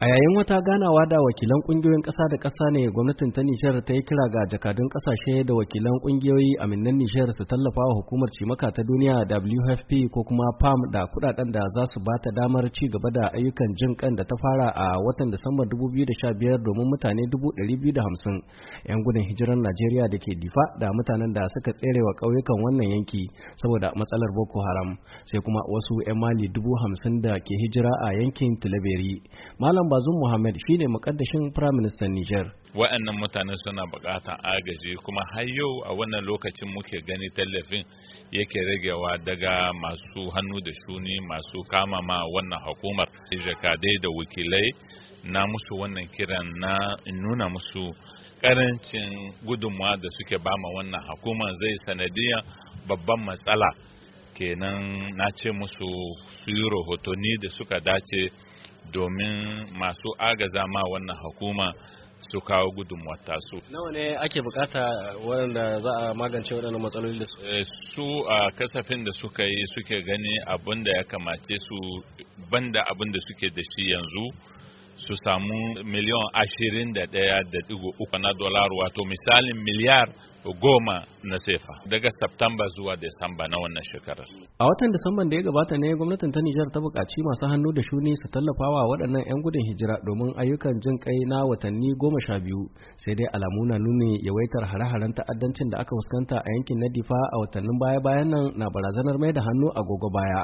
A yayin wata ganawa da wakilan kungiyoyin ƙasa da ƙasa ne gwamnatin ta Nijar ta yi kira ga jakadun ƙasashe da wakilan kungiyoyi aminan Nijar su tallafa wa hukumar cimaka ta duniya WFP ko kuma PAM da kudaden da za su bata damar ci gaba da ayyukan jin kan da ta fara a watan Disamba 2015 domin mutane 250 'yan gudun hijiran Najeriya da ke difa da mutanen da suka tsere wa ƙauyukan wannan yanki saboda matsalar Boko Haram sai kuma wasu 'yan Mali 50 da ke hijira a yankin Tilaberi. Malam bazum muhammad shine mukaddashin prime minister niger wa'annan mutane suna buƙatar agaji kuma har yau a wannan lokacin muke gani tallafin yake ragewa daga masu hannu da shuni masu kama ma wannan hukumar jakadai da wakilai na musu wannan kiran na nuna musu karancin gudunmawa da suke bama wannan hukumar zai sanadiya babban matsala kenan na ce musu su yi rahotanni da suka dace domin masu agaza ma wannan hukuma su kawo gudunmuwar su. Nawa ne ake bukata eh, waɗanda za a magance waɗannan matsaloli da su? Eh, su a kasafin da suka yi suke gani abin da ya kamace su banda abin da suke da shi yanzu su samu miliyan ashirin da ɗaya da ɗigo uku na dolar wato misalin miliyar goma na sefa daga Septamba zuwa Desamba na wannan shekarar. A watan Disamban da ya gabata ne gwamnatin ta Nijar ta buƙaci masu hannu da shuni su tallafawa waɗannan 'yan gudun hijira domin ayyukan jin kai na watanni goma sha biyu sai dai alamu na nuni yawaitar hare-haren ta'addancin da aka fuskanta a yankin na Difa a watannin baya-bayan nan na barazanar mai da hannu agogo baya.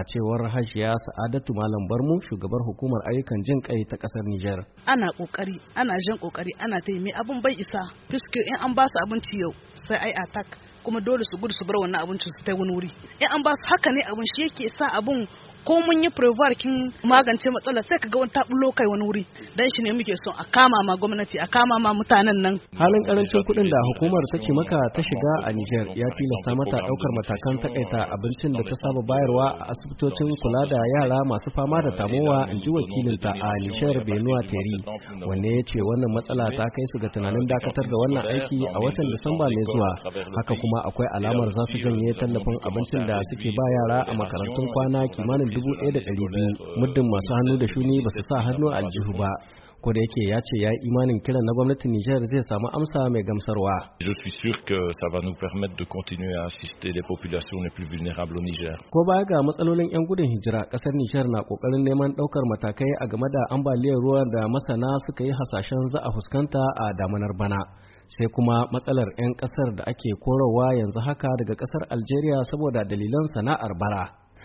a cewar hashiya sa'adatu malam barmu shugabar hukumar ayyukan jin kai ta kasar Nijar. ana kokari ana jan kokari ana ta yi abin bai isa fiske in an ba su abinci yau sai ai attack kuma dole su gudu su bar wannan abincin su ta wani wuri in an ba su haka ne abin shi yake sa abun. ko mun yi prevoir kin magance matsalar sai kaga wani tabulo kai wani wuri dan shi ne muke son a kama ma gwamnati a kama ma mutanen nan halin karancin kuɗin da hukumar ta ce maka ta shiga a Niger ya tilasta mata daukar matakan takaita abincin da ta saba bayarwa a asibitocin kula da yara masu fama da tamowa in ji wakilinta a Niger Benua Teri wanne ya ce wannan matsala ta kai su ga tunanin dakatar da wannan aiki a watan Disamba ne zuwa haka kuma akwai alamar za su janye tallafin abincin da suke ba yara a makarantun kwana kimanin Dubu 1,200 muddin masu hannu da shuni ba su sa hannu a aljihu ba ko da yake ya ce ya yi imanin kiran na gwamnatin Nijar zai samu amsa mai gamsarwa. Je suis sûr que ça va nous permettre de continuer à assister les populations les plus vulnérables au Ko baya ga matsalolin yan gudun hijira ƙasar Nijar na kokarin neman ɗaukar matakai a game da ambaliyar ruwa da masana suka yi hasashen za a fuskanta a damanar bana. sai kuma matsalar 'yan ƙasar da ake korowa yanzu haka daga ƙasar Algeria saboda dalilan sana'ar bara.